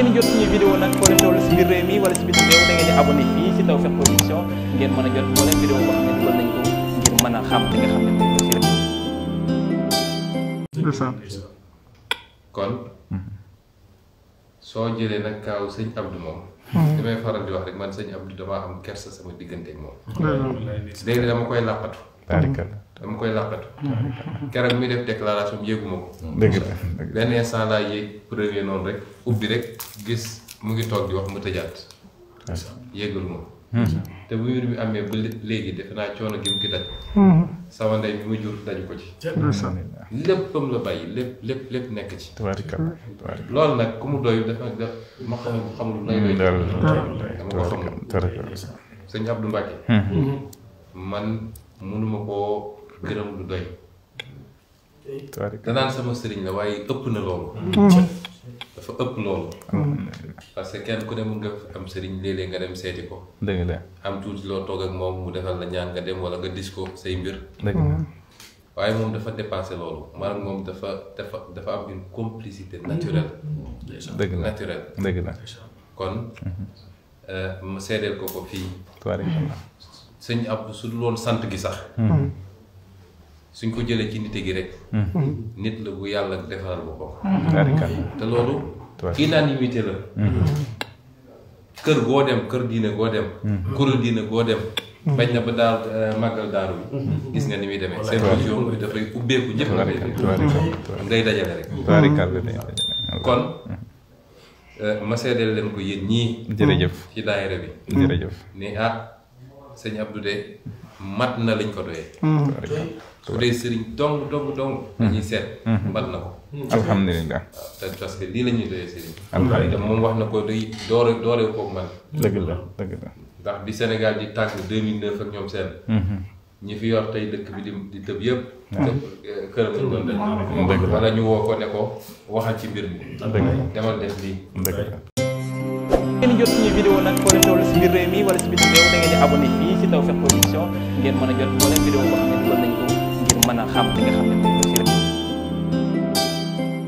ngeen jot suñu vidéo nag foo a jot moo leen vidéo a xam li nga xam ne kon. soo jëlee nag kaaw sëñ Abdou moom. li may faral di wax rek man sëñ Abdou damaa am kersa sama diggante ak moom. léegi dama koy làqatu. taarikal dama koy làqatu keroog muy def déclaration yéeguma ko dëgg la benn instant laa yéeg premier noonu rek ubbi rek gis mu ngi toog di wax mu tëjaat yéegalu ma te bu mbir mi amee ba léegi defe naa coono gi mu ki daj mhm. sama bi mu jur daju ko ci léppam la bàyyi lépp lépp nekk ci loolu nag ku mu doy dafa def ma xamul xamul lay doy dama ko xamul sëñ Abdou Mbacke mhm. man mënuma koo gërëm lu doy. danaan sama sëriñ la waaye ëpp na loolu. dafa ëpp loolu. parce que kenn ku ne mun nga am sëriñ léeg-léeg nga dem seeti ko. dëgg la am tuuti loo toog ak moom mu defal la ñaan nga dem wala nga dis ko say mbir. dëgg la waaye moom dafa dépassé loolu maanaam moom dafa dafa dafa am une complicité naturelle. dëgg la naturelle dëgg la. kon mhm. euh, ma seedeel ko ko fii. sëñ ab su dul woon sant gi sax hmm. suñ ko jëlee ci nite gi rek hmm. nit la bu yàlla defaral boppam hmm. te loolu unanimité la kër goo dem kër diine goo dem kuréel diine goo dem bañ na ba daal euh, màggal daaru bi gis nga ni muy demee seen vision bi dafay ubbeeku ñëpp la ngay dajale rek kon euh, ma seedeel leen ko yéen ñii ci daayira bi jërëjëf ni ah sëñ Abdou de mat na liñ ko doyee. su dee sëriñ dong dong dong. dañuy seet. mbal na ko. alhamdulilah. waaw parce que lii la ñuy doyee sëriñ. alhamdulilah moom wax na ko day doore doore koog man. dëgg la dëgg la. ndax bi Sénégal di tàgg 2009 ak ñoom seen. Mhm. ñi fi yor tey dëkk bi di di tëb yëpp. Eh, këram lañ doon dañ. wala ñu woo ko ne ko waxal ci mbir demal def lii. jot a vidéo nag foo leen toll si biir réew mi wala si biir réew da di abonné fii si Tawfekh Production a jot moo leen vidéo